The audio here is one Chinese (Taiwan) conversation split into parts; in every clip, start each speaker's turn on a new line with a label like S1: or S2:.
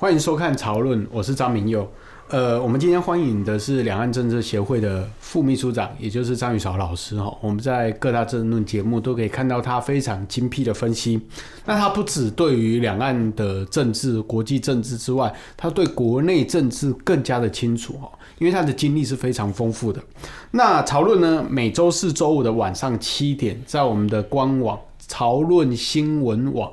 S1: 歡迎收看《潮論》，我是張明佑。呃，我們今天歡迎的是兩岸政策協會的副秘書長，也就是張宇韶老師。哈，我們在各大政論節目都可以看到他非常精闢的分析。那他不只對於兩岸的政治、國際政治之外，他對國內政治更加的清楚。哈，因為他的經歷是非常豐富的。那《潮論》呢，每週四、週五的晚上七點，在我們的官網《潮論新聞網》。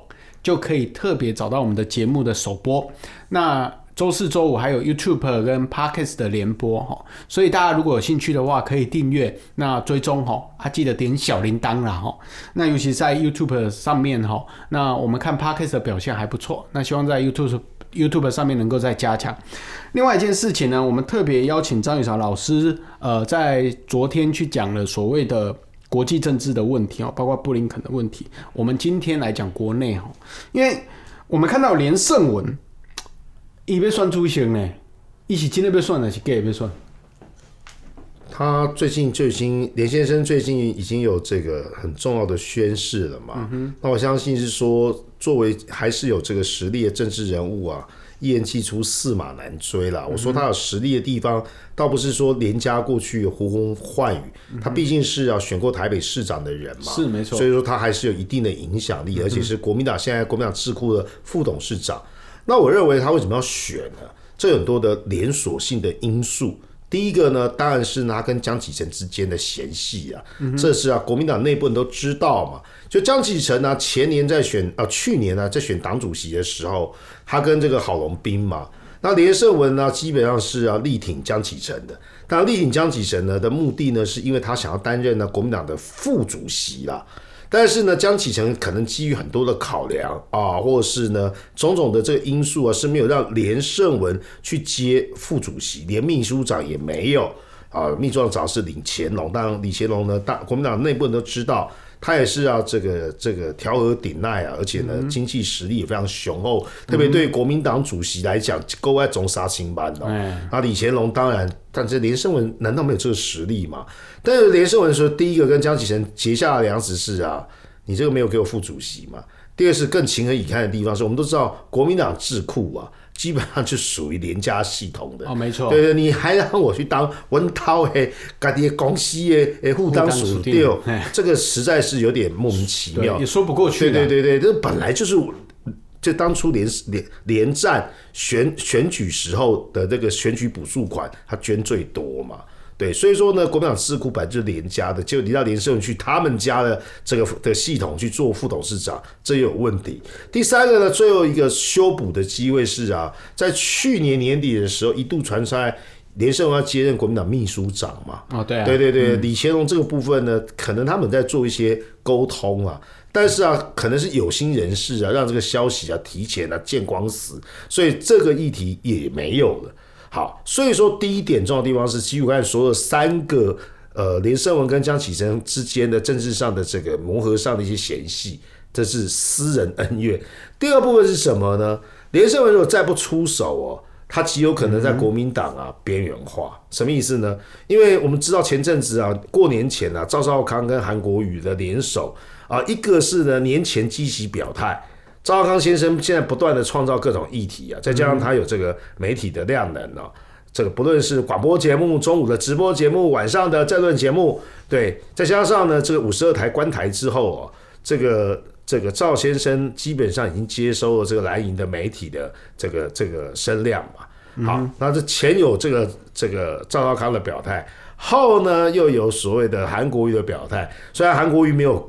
S1: 就可以特別找到我們的節目的首播。那周四周五還有 YouTube 跟 Podcast 的聯播哈，所以大家如果有興趣的話，可以訂閱，那追蹤哈，還記得點小鈴鐺啦。哈。那尤其在 YouTube 上面哈，那我們看 Podcast 的表現還不錯，那希望在 YouTube YouTube 上面能夠再加強。另外一件事情呢，我們特別邀請張宇潮老師，呃，在昨天去講了所謂的。國際政治的問題啊，包括布林肯的問題。我們今天來講國內哈，因為我們看到連勝文要選主席呢？他是真的要選呢，是，是假的要選？
S2: 他最近、最近，連先生最近已經有這個很重要的宣誓了嘛、嗯？那我相信是說，作為還是有這個實力的政治人物啊。一言既出，駟馬難追啦。我說他有實力的地方，嗯、倒不是說連家過去呼風喚雨，他畢竟是要、啊、選過台北市長的人嘛，是沒錯。所以說他還是有一定的影響力、嗯，而且是國民黨現在國民黨智庫的副董事長。那我認為他為什麼要選呢？這很多的連鎖性的因素。第一個呢，當然是他跟江啟臣之間的嫌隙啊、嗯，這是啊，國民黨內部人都知道嘛。就江啟臣呢，前年在選啊，去年呢、啊、在選黨主席的時候，他跟這個郝龍斌嘛，那連勝文呢，基本上是要、啊、力挺江啟臣的。但力挺江啟臣呢的目的呢，是因為他想要擔任呢國民黨的副主席啦。但是呢，江啟臣可能基於很多的考量啊，或是呢種種的這個因素啊，是沒有讓連勝文去接副主席，連秘書長也沒有啊，秘書長是李乾龍，當然李乾龍呢，大國民黨內部人都知道。他也是要、啊、這個這個調和鼎鼐啊，而且呢，經濟實力也非常雄厚。特別對國民黨主席來講，格外總殺青班嗯，啊，李乾龍當然，但是連勝文難道沒有這個實力嗎？但是連勝文說，第一個跟江啟臣結下的梁子是啊，你這個沒有給我副主席嘛？第二是更情何以堪的地方，是我們都知道國民黨智庫啊。基本上就屬於連家系統的哦，沒錯，對對，你還讓我去當文濤誒，家裡的公司誒誒，互當屬掉，哦，這個實在是有點莫名其妙，也說不過去，對對對對，這本來就是就當初連連連戰選選舉時候的這個選舉補助款，他捐最多嘛。對，所以說呢，國民黨智庫本來就是連家的，結果你讓連勝文去他們家的這個的系統去做副董事長，這也有問題。第三個呢，最後一個修補的機會是啊，在去年年底的時候，一度傳出來連勝文要接任國民黨秘書長嘛？
S1: 哦，對、啊，嗯、對對對，
S2: 李乾龍這個部分呢，可能他們在做一些溝通啊，但是啊，可能是有心人士啊，讓這個消息啊提前啊見光死，所以這個議題也沒有了。好，所以說第一點重要的地方是，幾乎所有三個，呃，連勝文跟江啟臣之間的政治上的這個磨合上的一些嫌隙，這是私人恩怨。第二部分是什麼呢？連勝文如果再不出手哦，他極有可能在國民黨啊邊緣、嗯、化。什麼意思呢？因為我們知道前陣子啊，過年前啊，趙少康跟韓國瑜的聯手啊，一個是呢年前積極表態。趙少康先生現在不斷的創造各種議題啊，再加上他有這個媒體的量能哦，嗯、這個不論是廣播節目、中午的直播節目、晚上的政論節目，對，再加上呢這個五十二台關台之後哦，這個這個趙先生基本上已經接收了這個藍營的媒體的這個這個聲量嘛、嗯。好，那這前有這個這個趙少康的表態，後呢又有所謂的韓國瑜的表態，雖然韓國瑜沒有。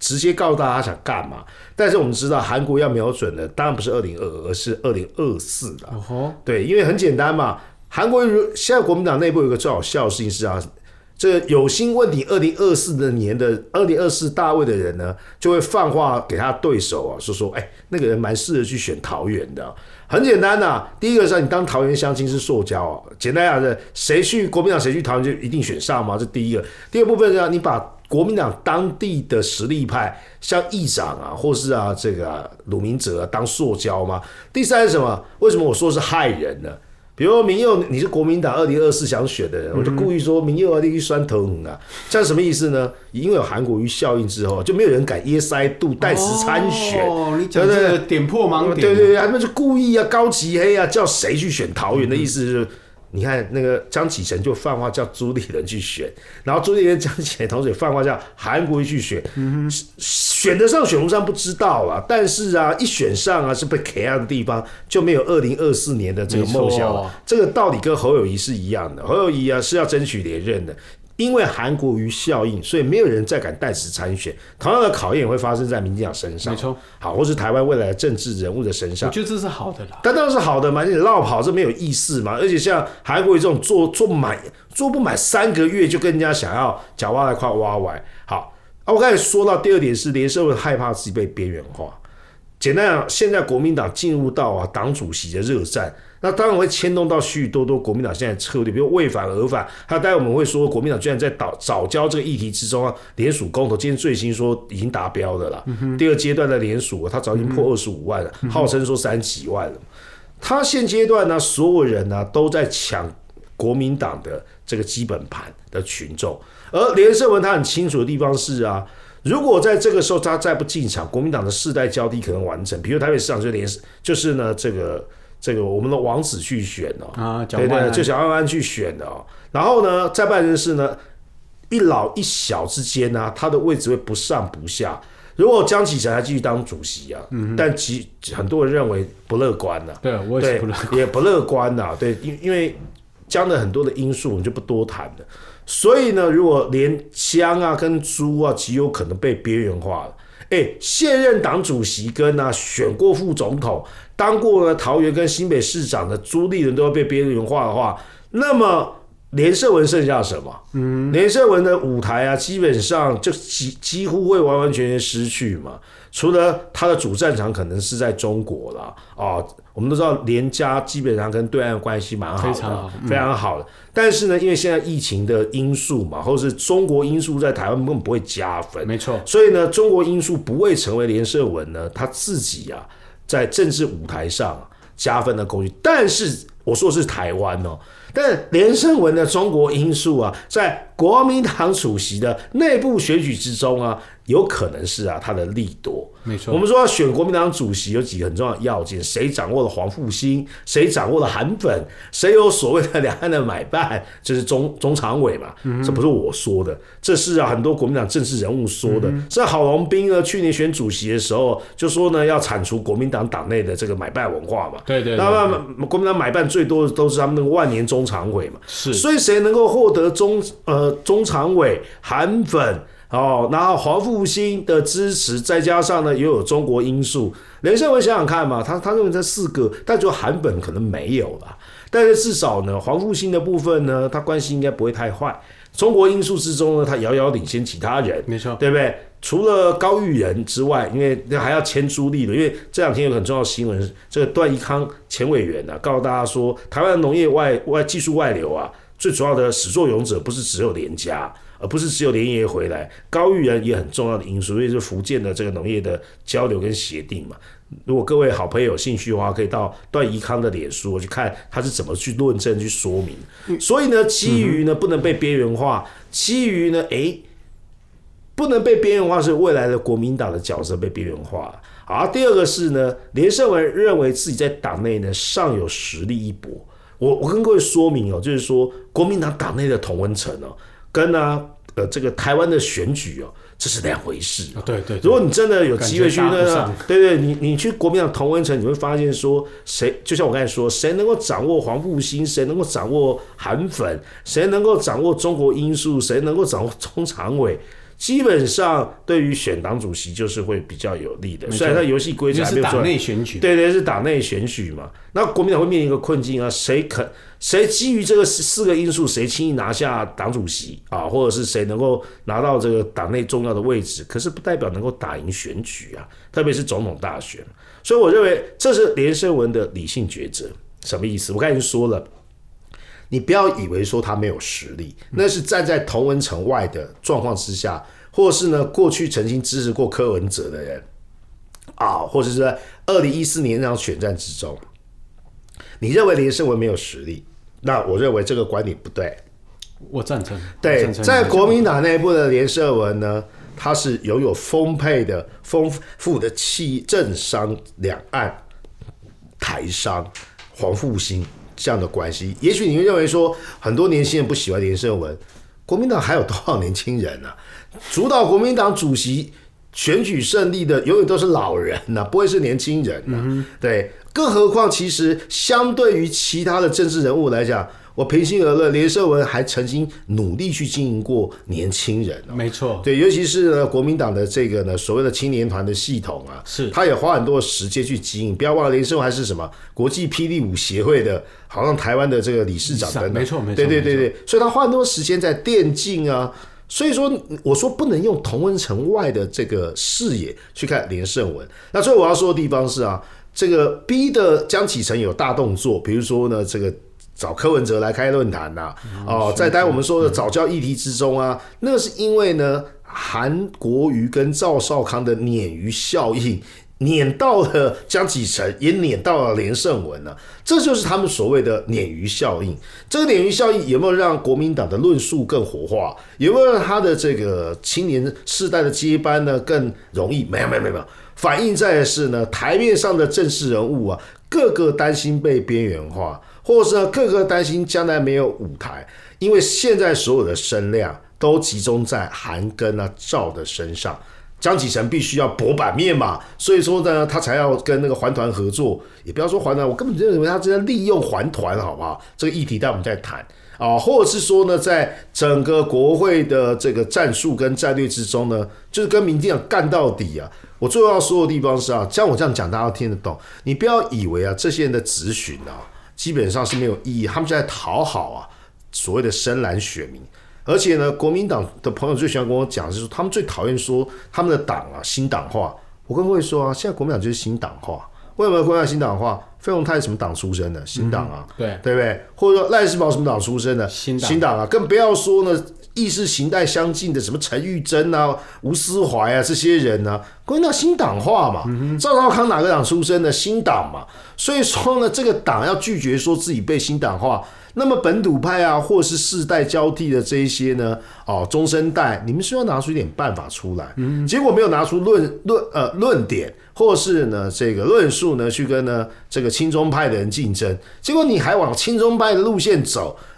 S2: 直接告訴大家他想幹嘛，但是我們知道韓國要瞄準的當然不是二零二二，而是二零二四的。哦對，因為很簡單嘛，韓國如現在國民黨內部有一個最好笑的事情是啊，這有心問鼎二零二四的年的二零二四大位的人呢，就會放話給他對手啊，說說哎，那個人蠻適合去選桃園的。很簡單啊，第一個是，你當桃園鄉親是塑膠啊，簡單啊的，誰去國民黨誰去桃園就一定選上嘛，這第一個。第二部分呢，你把。國民黨當地的實力派，像議長啊，或是啊，這個魯、啊、明哲、啊、當塑膠嗎？第三是什麼？為什麼我說是害人呢？比如民佑，你是國民黨二零二四想選的人、嗯，我就故意說民佑二零一三頭疼啊，這樣什麼意思呢？因為有韓國瑜效應之後，就沒有人敢 yes i do 代持參選，對不對？點破盲點，對對對，他們、啊啊、就故意啊，高級黑啊，叫誰去選桃園的意思是。嗯嗯。你看那個江啟臣，就放話叫朱立倫去選，然後朱立倫、江啟臣同時也放話叫韓國瑜去選，嗯，選得上選不上不知道啊，但是啊，一選上啊，是被 KO 的地方就沒有二零二四年的這個夢想了，哦。這個道理跟侯友宜是一樣的。侯友宜啊是要爭取連任的。因為韓國瑜效應，所以沒有人再敢帶資參選。同樣的考驗也會發生在民進黨身上，沒錯。好，或是台灣未來的政治人物的身上，我覺得這是好的，但那當是好的嘛，你落跑是沒有意思嘛。而且像韓國瑜這種做做滿做不滿三個月，就跟人家想要腳挖來快挖完。好，我剛才說到第二點是，連勝文害怕自己被邊緣化。簡單講，現在國民黨進入到啊，黨主席的熱戰。那當然會牽動到許許多多國民黨現在策略，比如為反而反。他待會我們會說，國民黨居然在藻礁這個議題之中啊，聯署公投。今天最新說已經達標的了啦、嗯。第二階段的聯署、啊，他早已經破二十五萬了，嗯、號稱說三十幾萬了。他現階段呢，所有人呢、啊、都在搶國民黨的這個基本盤的群眾。而連勝文他很清楚的地方是啊，如果在這個時候他再不進場，國民黨的世代交替可能完成。比如台北市長就連就是呢這個。這個我們的王子去選哦，啊、蔣萬安，對，就想安安去選哦。然後呢，在辦人事呢，一老一小之間呢、啊，他的位置會不上不下。如果江啟臣還繼續當主席啊，嗯、但很多人認為不樂觀了、啊。對，我也不，樂對也不樂觀啊。對，因因為江的很多的因素，我們就不多談了。所以呢，如果連江啊跟朱啊，極有可能被邊緣化了。哎、欸，現任黨主席跟那、啊、選過副總統、當過呢桃園跟新北市長的朱立倫，都要被邊緣化的話，那麼，連勝文剩下什麼？嗯，連勝文的舞台啊，基本上就幾幾乎會完完全全失去嘛。除了他的主戰場可能是在中國啦。哦、呃，我們都知道連家基本上跟對岸關係蠻好的，非常好，嗯，非常好的。但是呢，因為現在疫情的因素嘛，或是中國因素在台灣根本不會加分，沒錯。所以呢，中國因素不會成為連勝文呢他自己啊在政治舞台上加分的工具。但是我說的是台灣哦。但連勝文的中國因素啊，在國民黨主席的內部選舉之中啊，有可能是啊他的利多。
S1: 沒錯，我們說要
S2: 選國民黨主席有幾個很重要的要件：誰掌握了黃復興，誰掌握了韓粉，誰有所謂的兩岸的買辦，這、就是中中常委嘛。嗯。這不是我說的，這是啊很多國民黨政治人物說的。像郝龍斌呢，去年選主席的時候就說呢，要鏟除國民黨黨內的這個買辦文化嘛。
S1: 對對，對，對。那
S2: 麼國民黨買辦最多的都是他們那個萬年中。中常委嘛，是，所以誰能夠獲得中呃中常委韓粉哦，然後黃復興的支持，再加上呢又有中國因素，連勝文想想看嘛，他他認為這四個，但就韓粉可能沒有啦，但是至少呢黃復興的部分呢，他關係應該不會太壞，中國因素之中呢，他遙遙領先其他人，沒錯，對不對？除了高育仁之外，因為還要牽朱立的，因為這兩天有很重要的新聞，這個段宜康前委員呢、啊，告訴大家說，台灣農業外外技術外流啊，最主要的始作俑者不是只有連家，而不是只有連爺回來，高育仁也很重要的因素，所以是福建的這個農業的交流跟協定嘛。如果各位好朋友有興趣的話，可以到段宜康的臉書我去看他是怎麼去論證、去說明。所以呢，基於呢、嗯、不能被邊緣化，基於呢，哎。不能被邊緣化是未來的國民黨的角色被邊緣化。而、啊、第二個是呢，連勝文認為自己在黨內呢尚有實力一搏。我我跟各位說明哦、喔，就是說國民黨黨內的同溫層哦，跟呢、啊、呃這個台灣的選舉哦、喔，這是兩回事、
S1: 喔、啊。對對，如果你真的有機會去那個，的
S2: 對，對對，你你去國民黨同溫層，你會發現說，誰就像我剛才說，誰能夠掌握黃復興，誰能夠掌握韓粉，誰能夠掌握中國因素，誰能夠掌握中常委。基本上，對於選黨主席就是會比較有利的，所以它遊戲規則沒錯。是黨內選舉，對對，是黨內選舉嘛？那國民黨會面臨一個困境啊，誰肯誰基於這個四個因素，誰輕易拿下黨主席啊，或者是誰能夠拿到這個黨內重要的位置？可是不代表能夠打贏選舉啊，特別是總統大選。所以我認為這是連勝文的理性抉擇，什麼意思？我剛才已經說了。你不要以為說他沒有實力，那是站在同溫層外的狀況之下，嗯、或是呢，過去曾經支持過柯文哲的人，啊，或者是在二零一四年那場選戰之中，你認為連勝文沒有實力？那我認為這個觀點不對。
S1: 我贊成。對，在國
S2: 民黨內部的連勝文呢，他是擁有豐沛的、豐富的氣、政商、兩岸、台商、黃復興。這樣的關係，也許你會認為說很多年輕人不喜歡連勝文，國民黨還有多少年輕人呢？主導國民黨主席選舉勝利的永遠都是老人吶，不會是年輕人吶。嗯，對。更何況，其實相對於其他的政治人物來講。我平心而論，連勝文還曾經努力去經營過年輕人、喔，沒錯，對，尤其是呢國民黨的這個呢，所謂的青年團的系統啊，是，他也花很多時間去經營。不要忘了，連勝文還是什麼國際霹靂舞協會的，好像台灣的這個理事長等等、啊，沒錯，沒錯，對對對對，所以他花很多時間在電競啊。所以說，我說不能用同溫層外的這個視野去看連勝文。那所以我要說的地方是啊，這個 B 的江啟臣有大動作，比如說呢，這個。找柯文哲來開論壇吶、啊，哦、嗯呃，在待我們說的藻礁議題之中啊、嗯，那是因為呢，韓國瑜跟趙少康的鯰魚效應碾到了江啟臣,也碾到了連勝文了、啊，這就是他們所謂的鯰魚效應。這個鯰魚效應有沒有讓國民黨的論述更活化？有沒有讓他的這個青年世代的接班呢更容易？沒有，沒有，沒有，沒有。反映在的是呢，台面上的正式人物啊，個個擔心被邊緣化。或者是呢，個個擔心將來沒有舞台，因為現在所有的聲量都集中在韓庚啊、趙的身上，江啟臣必須要博版面嘛，所以說呢，他才要跟那個環團合作。也不要說環團，我根本就認為他正在利用環團，好不好？這個議題待我們再談啊，或者是說呢，在整個國會的這個戰術跟戰略之中呢，就是跟民進黨幹到底啊。我最後要說的地方是啊，像我這樣講，大家聽得懂。你不要以為啊，這些人的質詢啊。基本上是沒有意義，他們就在討好啊，所謂的深藍選民。而且呢，國民黨的朋友最喜歡跟我講，就是他們最討厭說他們的黨啊新黨化。我跟各位說啊，現在國民黨就是新黨化。為什麼國民黨新黨化？費鴻泰什麼黨出身的？新黨啊，嗯、對對不對？或者說賴士葆什麼黨出身的？新黨。新黨啊，更不要說呢。意識形態相近的，什麼陳玉珍啊、吳斯懷啊這些人呢、啊？歸到新黨化嘛。趙、嗯、少康哪個黨出身的？新黨嘛。所以說呢，這個黨要拒絕說自己被新黨化，那麼本土派啊，或是世代交替的這一些呢，哦，中生代，你們需要拿出一點辦法出來。嗯、結果沒有拿出論論呃論點，或是呢這個論述呢去跟呢這個親中派的人競爭，結果你還往親中派的路線走。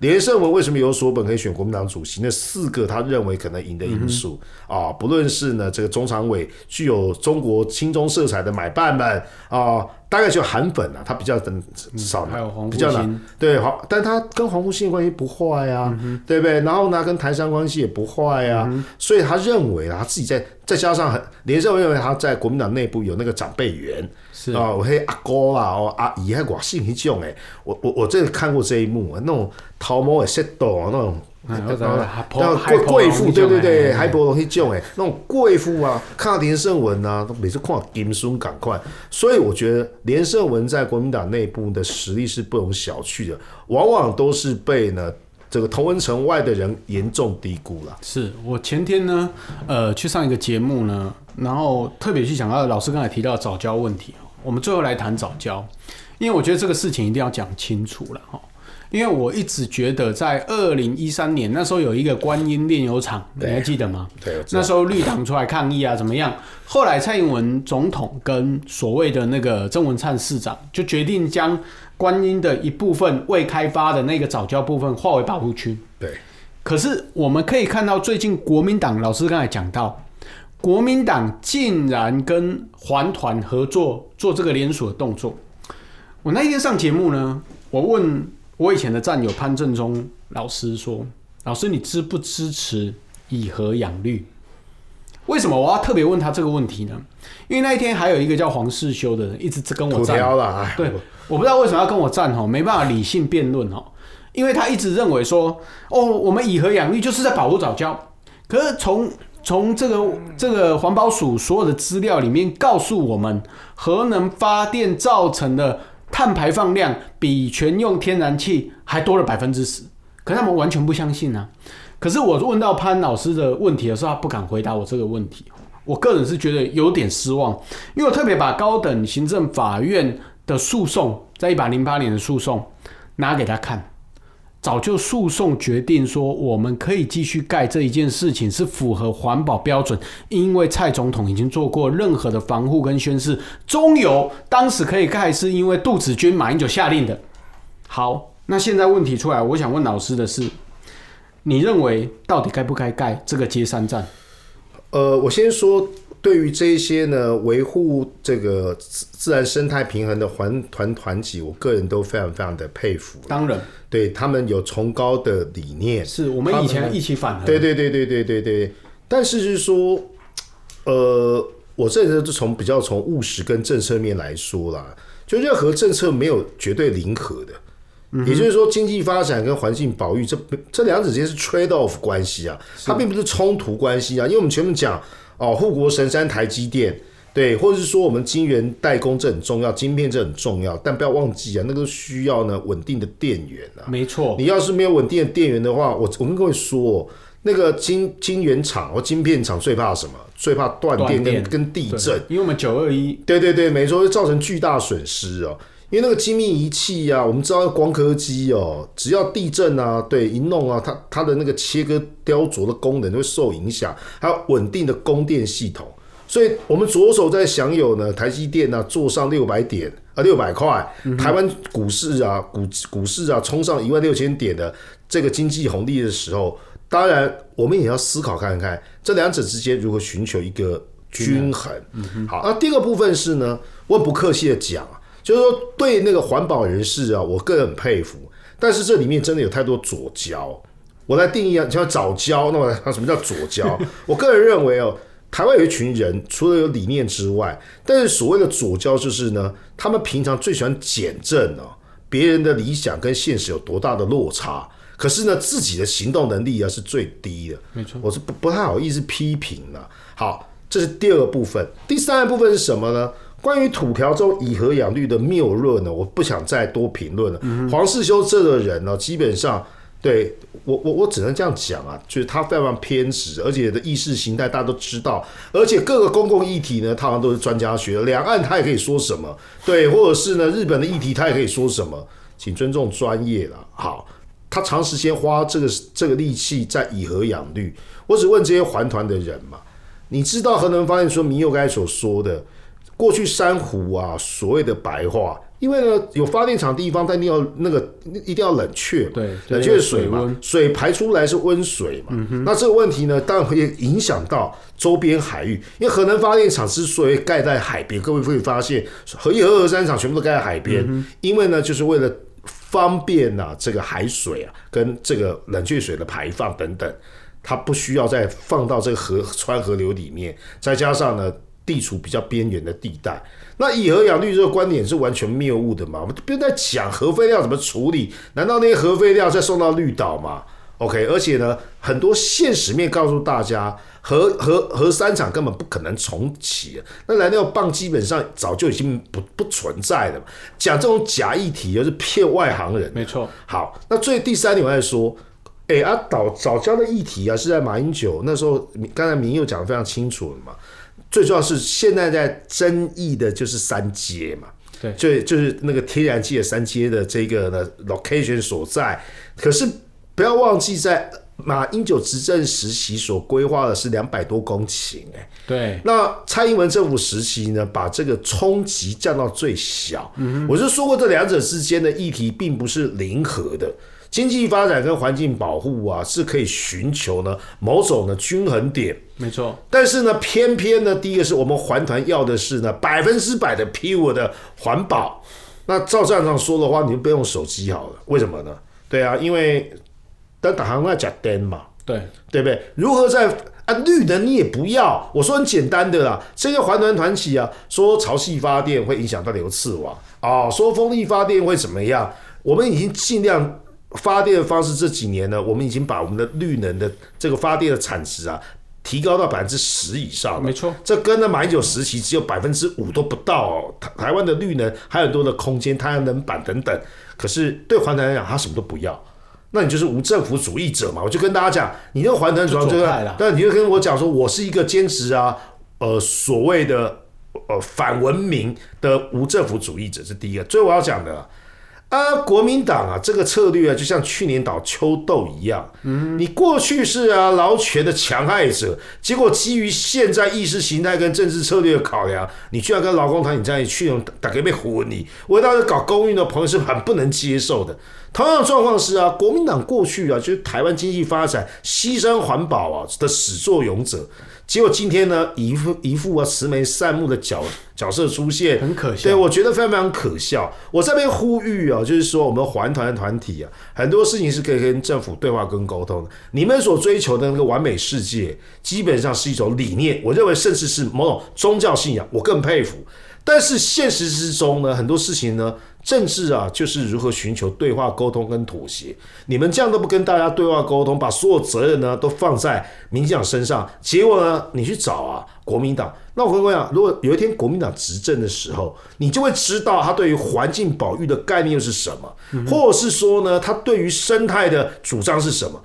S2: 連勝文為什麼有所本可以選國民黨主席？那四個他認為可能贏的因素、嗯、啊，不論是呢這個中常委具有中國親中色彩的買辦們啊，大概就韓粉啊，他比較等少、嗯、還有黃比較難對黃，但他跟黃復興關係不壞呀、啊嗯，對不對？然後呢，跟台商關係也不壞啊、嗯，所以他認為啊，他自己在再加上很連勝文認為他在國民黨內部有那個長輩緣。是哦，我、那、嘿、個、阿哥啊，哦阿姨我外、那個、姓迄種誒，我我我這裡看過這一幕、啊，那種頭毛誒色多，那種，貴貴婦對對對，海波龍迄種誒，那種貴婦啊，看到連勝文啊，都每次看金身趕快，所以我覺得連勝文在國民黨內部的實力是不容小覷的，往往都是被呢這個同溫城
S1: 外的人嚴重低估了。是我前天呢，呃，去上一個節目呢，然後特別去講到老師剛才提到藻礁問題。我們最後來談藻礁，因為我覺得這個事情一定要講清楚了哈。因為我一直覺得在2013，在二零一三年那時候有一個觀音煉油廠，你還記得嗎？對。那時候綠黨出來抗議啊，怎麼樣？ 後來蔡英文總統跟所謂的那個鄭文燦市長，就決定將觀音的一部分未開發的那個藻礁部分劃為保護區。對。可是我們可以看到，最近國民黨老師剛才講到。國民黨竟然跟環團合作做這個連署動作。我那一天上節目呢，我問我以前的戰友潘正中老師說：“老師，你支不支持以核養綠？”為什麼我要特別問他這個問題呢？因為那一天還有一個叫黃世修的人，一直跟我站。對，我不知道為什麼要跟我站哈，沒辦法理性辯論哦，因為他一直認為說：“哦，我們以核養綠就是在保護藻礁。”可是從從這個這個環保署所有的資料裡面告訴我們，核能發電造成的碳排放量比全用天然氣還多了百分之十。可是他們完全不相信呢、啊。可是我問到潘老師的問題的時候，他不敢回答我這個問題。我個人是覺得有點失望，因為我特別把高等行政法院的訴訟，在一百零八年的訴訟拿給他看。早就訴訟決定說，我們可以繼續蓋這一件事情是符合環保標準，因為蔡總統已經做過任何的防護跟宣誓。中油當時可以蓋，是因為杜紫軍、馬英九下令的。好，那現在問題出來，我想問老師的是，你認為到底該不該蓋這個接三站？呃，我先說。
S2: 對於這些呢，維護這個自然生態平衡的環團團體，我個人都非常非常的佩服。當然，對他們有崇高的理念。是我們以前們一起反對，對對對對對對對，但是就是說，呃，我這人就從比較從務實跟政策面來說啦，就任何政策沒有絕對零和的。嗯，也就是說經濟發展跟環境保育這這兩者之間是 trade off 關係啊，它並不是衝突關係啊，因為我們前面講。哦，護國神山台積電，對，或者是說我們晶圓代工，這很重要，晶片，這很重要，但不要忘記啊，那個需要呢穩定的電源啊。沒錯，你要是沒有穩定的電源的話，我我跟各位說哦，那個晶晶圓廠哦，或晶片廠最怕什麼？最怕斷電跟斷電跟地震，因為我們九二一，對對對，沒錯，會造成巨大損失哦。因為那個精密儀器呀、啊，我們知道光刻機，哦，只要地震啊，對，一弄啊，它它的那個切割雕琢的功能就會受影響。還有穩定的供電系統，所以我們左手在享有呢，台積電呢、啊、坐上六百點啊，六百塊、嗯，台灣股市啊，股股市啊衝上一萬六千點的這個經濟紅利的時候，當然我們也要思考看看這兩者之間如何尋求一個均衡。均衡，嗯哼，好，那、啊、第二部分是呢，我也不客氣的講。就是說，對那個環保人士啊，我個人很佩服。但是這裡面真的有太多左膠，我來定義啊，你像藻礁，那麼什麼叫左膠？ 我個人認為哦，台灣有一群人，除了有理念之外，但是所謂的左膠就是呢，他們平常最喜歡檢證哦別人的理想跟現實有多大的落差，可是呢，自己的行動能力啊是最低的，沒錯，我是不不太好意思批評了、啊。好，這是第二個部分，第三個部分是什麼呢？關於土條中以核養綠的謬論呢，我不想再多評論了。嗯、黃士修這個人呢、哦，基本上對我我我只能這樣講啊，就是他非常偏執，而且的意識形態大家都知道。而且各個公共議題呢，他好像都是專家學的，兩岸他也可以說什麼，對，或者是呢日本的議題他也可以說什麼，請尊重專業啦。好，他長時間花這個這個力氣在以核養綠，我只問這些環團的人嘛，你知道核能發現說民又該所說的。過去珊瑚啊，所謂的白化，因為呢有發電廠地方，但你要那個一定要冷卻，冷卻水嘛，水排出來是溫水嘛、嗯，那這個問題呢，當然會影響到周邊海域。因為核能發電廠之所以蓋在海邊，各位會發現核一核二核三廠全部都蓋在海邊、嗯，因為呢，就是為了方便啊，這個海水啊，跟這個冷卻水的排放等等，它不需要再放到這個河川河流裡面，再加上呢。地處比較邊緣的地帶，那以核養綠這個觀點是完全謬誤的嘛？我們不用再講核廢料怎麼處理，難道那些核廢料再送到綠島嗎？OK，而且呢，很多現實面告訴大家，核核核三廠根本不可能重啟，那燃料棒基本上早就已經不不存在了嘛。講這種假議題，又是騙外行人，沒錯。好，那最第三點，我再說，哎、欸，阿、啊、島藻礁的議題啊，是在馬英九那時候，剛才明佑講的非常清楚了嘛。最重要是現在在爭議的就是三接嘛，對，就就是那個天然氣的三接的這個呢 location 所在。可是不要忘記，在馬英九執政時期所規劃的是兩百多公頃，哎，對。那蔡英文政府時期呢，把這個衝擊降到最小。嗯，我就說過，這兩者之間的議題並不是零和的。經濟發展跟環境保護啊，是可以尋求呢某種呢均衡點。沒錯，但是呢，偏偏呢，第一個是我們環團要的是呢百分之百的 pure 的環保。那照這樣說的話，你就不用手機好了。為什麼呢？對啊，因為，但導航那假燈嘛，對對不對？如何在啊綠能你也不要？我說很簡單的啦，這個環團團體啊，說，說潮汐發電會影響到流刺網啊、哦，說風力發電會怎麼樣？我們已經盡量。發電的方式這幾年呢，我們已經把我們的綠能的這個發電的產值啊，提高到百分之十以上了。沒錯，這跟了馬英九時期，只有百分之五都不到哦。台台灣的綠能還有很多的空間，太陽能板等等。可是對環團來講，他什麼都不要，那你就是無政府主義者嘛？我就跟大家講，你對環團主要，就是，對外。但你就跟我講說，我是一個堅持啊，呃，所謂的呃反文明的無政府主義者是第一個。最後我要講的。啊，國民黨啊，這個策略啊，就像去年倒秋鬥一樣。嗯，你過去是啊勞權的強愛者，結果基於現在意識形態跟政治策略的考量，你居然跟勞工談你這樣，去年打給沒命你，我當時搞工運的朋友是很不能接受的。同樣的狀況是啊，國民黨過去啊，就是台灣經濟發展犧牲環保啊的始作俑者，結果今天呢，一副一副啊慈眉善目的角角色出現，很可笑。對我覺得非常非常可笑。我這邊呼籲啊，就是說，我們環團的團體啊，很多事情是可以跟政府對話跟溝通的。你們所追求的那個完美世界，基本上是一種理念，我認為甚至是某種宗教信仰，我更佩服。但是現實之中呢，很多事情呢，政治啊，就是如何尋求對話、溝通跟妥協。你們這樣都不跟大家對話溝通，把所有責任呢都放在民進黨身上，結果呢，你去找啊國民黨。那我跟各位講，如果有一天國民黨執政的時候，你就會知道他對於環境保育的概念又是什麼，或者是說呢，他對於生態的主張是什麼。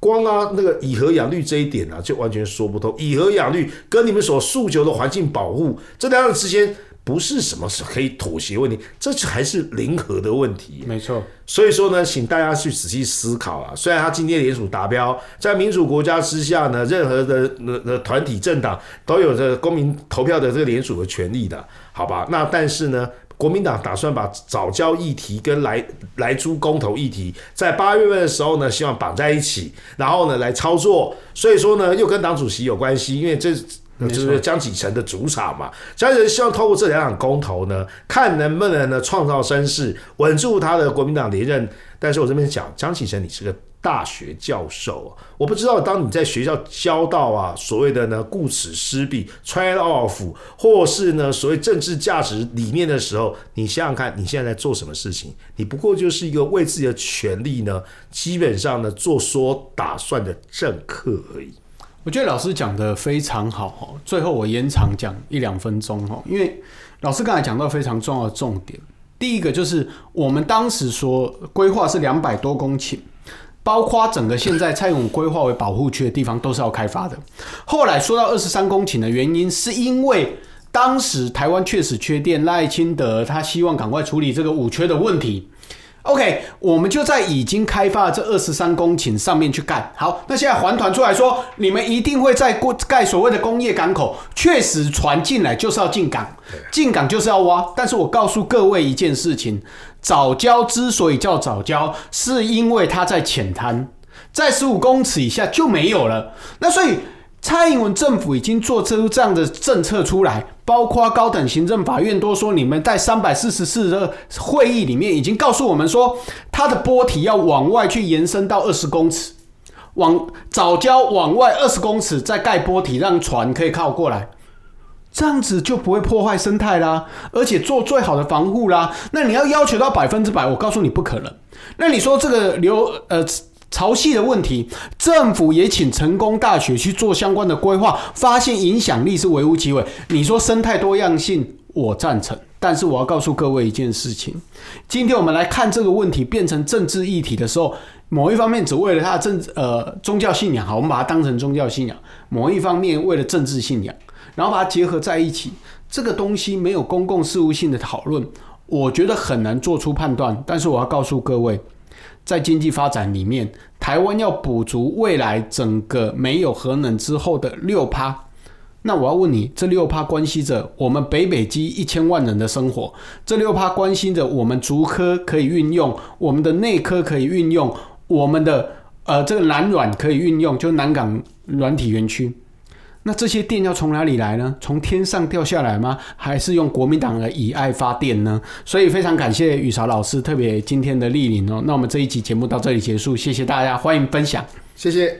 S2: 光啊，那個以核養綠這一點啊，就完全說不通。以核養綠跟你們所訴求的環境保護，這兩者之間，不是什麼是可以妥協問題，這還是零和的問題。沒錯，所以說呢，請大家去仔細思考啊。雖然他今天聯署達標，在民主國家之下呢，任何的的團體政黨都有着公民投票的這個聯署的權利的，好吧？那但是呢，國民黨打算把藻礁議題跟萊萊豬公投議題在八月份的時候呢，希望綁在一起，然後呢來操作。所以說呢，又跟黨主席有關係，因為這就是江啟臣的主場嘛。江啟臣希望透過這兩場公投呢，看能不能呢創造聲勢，穩住他的國民黨連任。但是我這邊講，江啟臣，你是個。大學教授，啊，我不知道當你在學校教到啊所謂的呢顧此失彼，trade off，或是呢所謂政治價值理念的時候，你想想看，你現在在做什麼事情？你不過就是一個為自己的權利呢，基本上呢
S1: 做說打算的政客而已。我覺得老師講的非常好，最後我延長講一兩分鐘哦，因為老師剛才講到非常重要的重點，第一個就是我們當時說規劃是兩百多公頃。包括整個現在蔡英文規劃為保護區的地方都是要開發的。後來說到二十三公頃的原因，是因為當時台灣確實缺電，賴清德他希望趕快處理這個五缺的問題。OK，我們就在已經開發的這二十三公頃上面去幹。好，那現在環團出來說，你們一定會再蓋所謂的工業港口，確實船進來就是要進港，進港就是要挖。但是我告訴各位一件事情。藻礁之所以叫藻礁，是因為它在淺灘，在十五公尺以下就沒有了。那所以，蔡英文政府已經做出這樣的政策出來，包括高等行政法院都說，你們在三百四十四的會議裡面已經告訴我們說，它的波體要往外去延伸到二十公尺，往藻礁往外二十公尺再蓋波體，讓船可以靠過來。這樣子就不會破壞生態啦，而且做最好的防護啦。那你要要求到百分之百，我告訴你不可能。那你說這個流，呃，潮汐的問題，政府也請成功大學去做相關的規劃，發現影響力是微乎其微。你說生態多樣性，我贊成，但是我要告訴各位一件事情：今天我們來看這個問題變成政治議題的時候，某一方面只為了他的政治，呃，宗教信仰，好，我們把它當成宗教信仰；某一方面為了政治信仰。然後把它結合在一起，這個東西沒有公共事務性的討論，我覺得很難做出判斷。但是我要告訴各位，在經濟發展裡面，台灣要補足未來整個沒有核能之後的六趴，那我要問你，這六趴關係着我們北北基一千萬人的生活，這六趴關係着我們竹科可以運用，我們的內科可以運用，我們的呃這個南軟可以運用，就南港軟體園區。那這些電要從哪裡來呢？從天上掉下來嗎？還是用國民黨的以愛發電呢？所以非常感謝雨朝老師，特別今天的蒞臨哦。那我們這一集節目到這裡結束，謝謝大家，歡迎分享，謝謝。